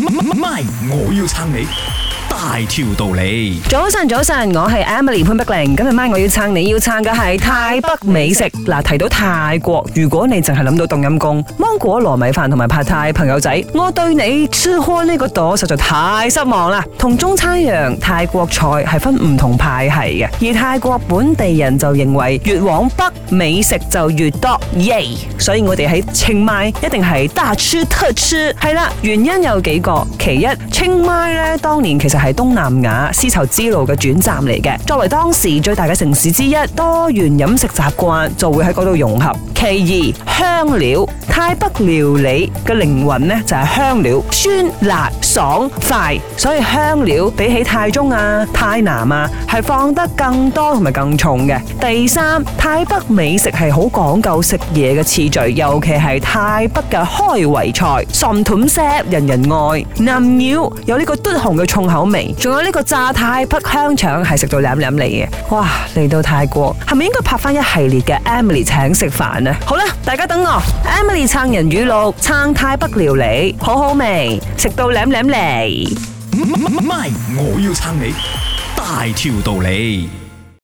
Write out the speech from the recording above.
MY，我要撐你。大條道理，早晨早晨，我係 Emily 潘碧玲，今日晚我要撐你，要撐嘅係泰北美食。嗱、啊，提到泰國，如果你淨係諗到凍陰功、芒果糯米飯同埋拍泰朋友仔，我對你吃開呢個朵實在太失望啦。同中餐一樣，泰國菜係分唔同派系嘅，而泰國本地人就認為越往北美食就越多耶。Yeah! 所以我哋喺清邁一定係大吃特吃，係啦，原因有幾個，其一，清邁咧當年其實係。係東南亞絲綢之路嘅轉站嚟嘅，作為當時最大嘅城市之一，多元飲食習慣就會喺嗰度融合。其二，香料泰北料理嘅靈魂呢，就係、是、香料，酸辣爽快，所以香料比起泰中啊、泰南啊係放得更多同埋更重嘅。第三，泰北美食係好講究食嘢嘅次序，尤其係泰北嘅開胃菜 Som Tam set 人人愛 Nam 有呢個嘟紅嘅重口味，仲有呢個炸泰北香腸係食到舐舐嚟嘅。哇，嚟到泰國係咪應該拍翻一系列嘅 Emily 請食飯啊？好啦，大家等我，Emily 撐人語錄，撐泰北料理，好好味，食到舐舐嚟，唔係，我要撐你，大條道理。